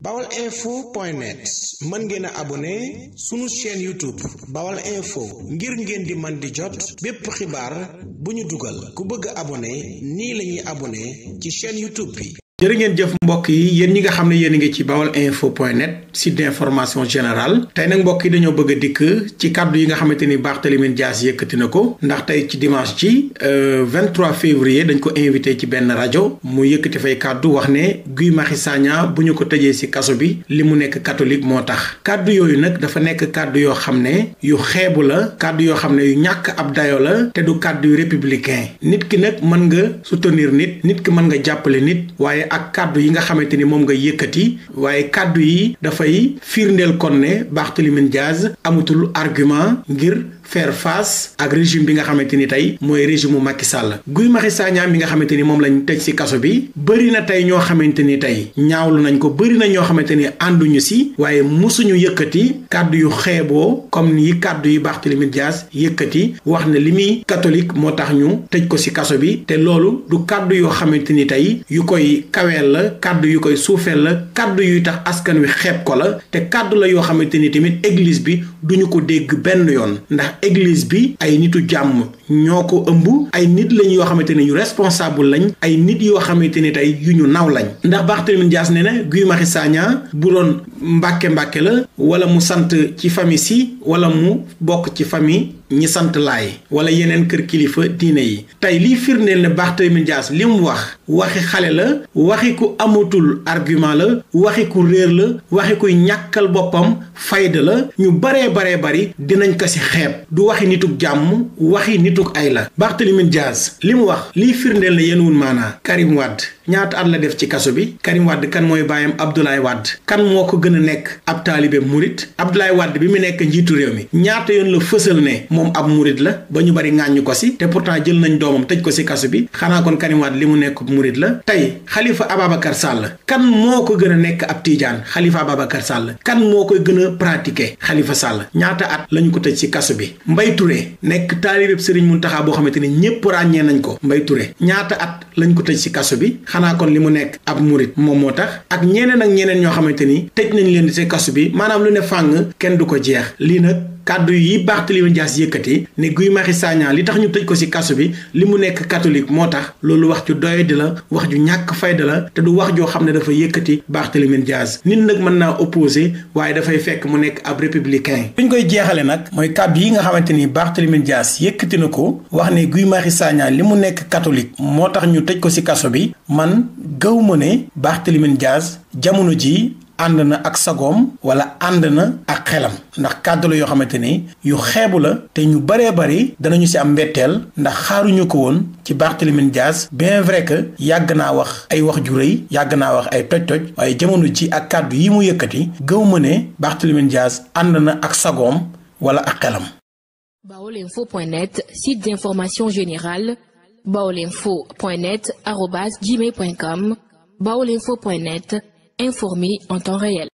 bawal info point net mën ngeen a abonné sunu chaîne youtube bawal info ngir ngeen di man di jot bépp xibaar bu ñu dugal ku bëgg aboné nii lañuy aboné ci chaîne youtube bi jërë ngeen jëf mbokk yi yéen ñi nga xam ne yéen ngi ci bawal info point net site d'information générale tey nag mbokk yi dañoo bëgg a dikk ci kàddu yi nga xamante ni baax Barthélémy Dias yëkkati na ko ndax tey ci dimanche ci 23 euh, février dañ ko invité ci benn rajo mu yëkkati fay kàddu wax ne Guy Marius Sagna bu ñu ko tëjee si kaso bi li mu nekk katolik moo tax kàddu yooyu nag dafa nekk kàddu yoo xam ne yu xeebu la kàddu yoo xam ne yu ñàkk ab dayo la te du kàddu yu nit ki nag mën nga soutenir nit nit ki mën nga jàppale nit waaye ak kàddu yi nga xamante ni moom nga yëkkati waaye kàddu yi dafay firndeel kon ne baax Barthélémy Diaz amatul argument ngir fair face ak régime bi nga xamante ni tey mooy régime mu Macky Sall Guy maxi Sagna bi nga xamante ni moom lañ tëj ci kaso bi bëri na tey ñoo xamante ni tey ñaawlu nañ ko bëri na ñoo xamante ni ànduñu si waaye musuñu yëkkati kàddu yu xeeboo comme ni kàddu yi Barthélémy Diaz yëkkati wax ne li muy catholique moo tax ñu tëj ko ci kaso bi te loolu du kàddu yoo xamante ni tey yu kaweel la kàddu yu koy suufeel la kàddu yuy tax askan wi xeeb ko la te kàddu la yoo xamante ni tamit église bi duñu ko dégg benn yoon ndax église bi ay nitu jàmm ñoo ko ëmb ay nit lañ yoo xamante ne ñu responsable lañ ay nit yoo xamante ni tey yu ñu naw lañ ndax Barthélémy Dias nee na Guy Marius Sagna bu doon mbàkke-mbàkke la wala mu sant ci famille si wala mu bokk ci fami ñi sant laay wala yeneen kër kilifa diine yi tey lii firndeel ne Barthélémy Dias li mu wax waxi xale la waxi ku amatul argument la waxi ku réer la waxi kuy ñàkkal boppam fayda la ñu baree baree bari dinañ ko si xeeb du waxi nituk jàmm waxi nituk ay la Barthélémy Dias li mu wax lii firndeel ne yéen wun maanaa Karim Wade ñaata at la def ci kaso bi Karim Wade kan mooy baayam Abdoulaye Wade gën a nekk ab taalibe murit Abdoulaye Wade bi mu nekk njiitu réew mi ñaata yoon la fësal ne moom ab murit la ba ñu bari ŋàññu ko si te pourtant jël nañ doomam tëj ko si kasu bi xanaa kon li mu nekk murit la tey Khalifa Ababacar Sall kan moo ko gën a nekk ab tiijaan Khalifa Ababacar Sall kan moo koy gën a pratiquer Khalifa Sall ñaata at lañu ko tëj si kasu bi Mbaye Touré nekk taalibe Serigne Mountakha boo xamante ni ñépp ràññee nañ ko Mbaye Touré ñaata at lañ ko tëj si kasu bi xanaa kon murit moom moo tax ak ñeneen ak ñeneen ñoo xamante ni tëj nañ leen ci kasu bi maanaam lu ne fànn kenn du ko jeex lii nag kàddu yi Barthélémy Dias yëkkati ne Guy Marius Sagna li tax ñu tëj ko ci kaso bi li mu nekk catholique moo tax wax ju doy di la wax ju ñàkk fayda la te du wax joo xam ne dafa yëkkati Barthélémy Dias nit nag mën naa opposé waaye dafay fekk mu nekk ab républicain. fi ñu koy jeexale nag mooy kàddu yi nga xamante ni Barthélémy Dias yëkkati na ko wax ne Guy Marius li mu nekk catholique moo tax ñu tëj ko ci kaso bi man gaw ma ne Barthélémy Dias jamono ji ànd na ak sagoom wala ànd na ak xelam ndax kàddu la yoo xamante ni yu xeebu la te ñu baree bari ñu si am mbetteel ndax xaaruñu ko woon ci Barthélémy Dias bien vrai que yàgg naa wax ay wax ju rëy yàgg naa wax ay toj-toj waaye jamono ci ak kàddu yi mu yëkkati gëw ma ne Barthélémy Dias ànd na ak sagoom wala ak xelam. baolinfo.net site d'information générale baolinfo.net arobase gmail.com baolinfo.net informés en temps réel.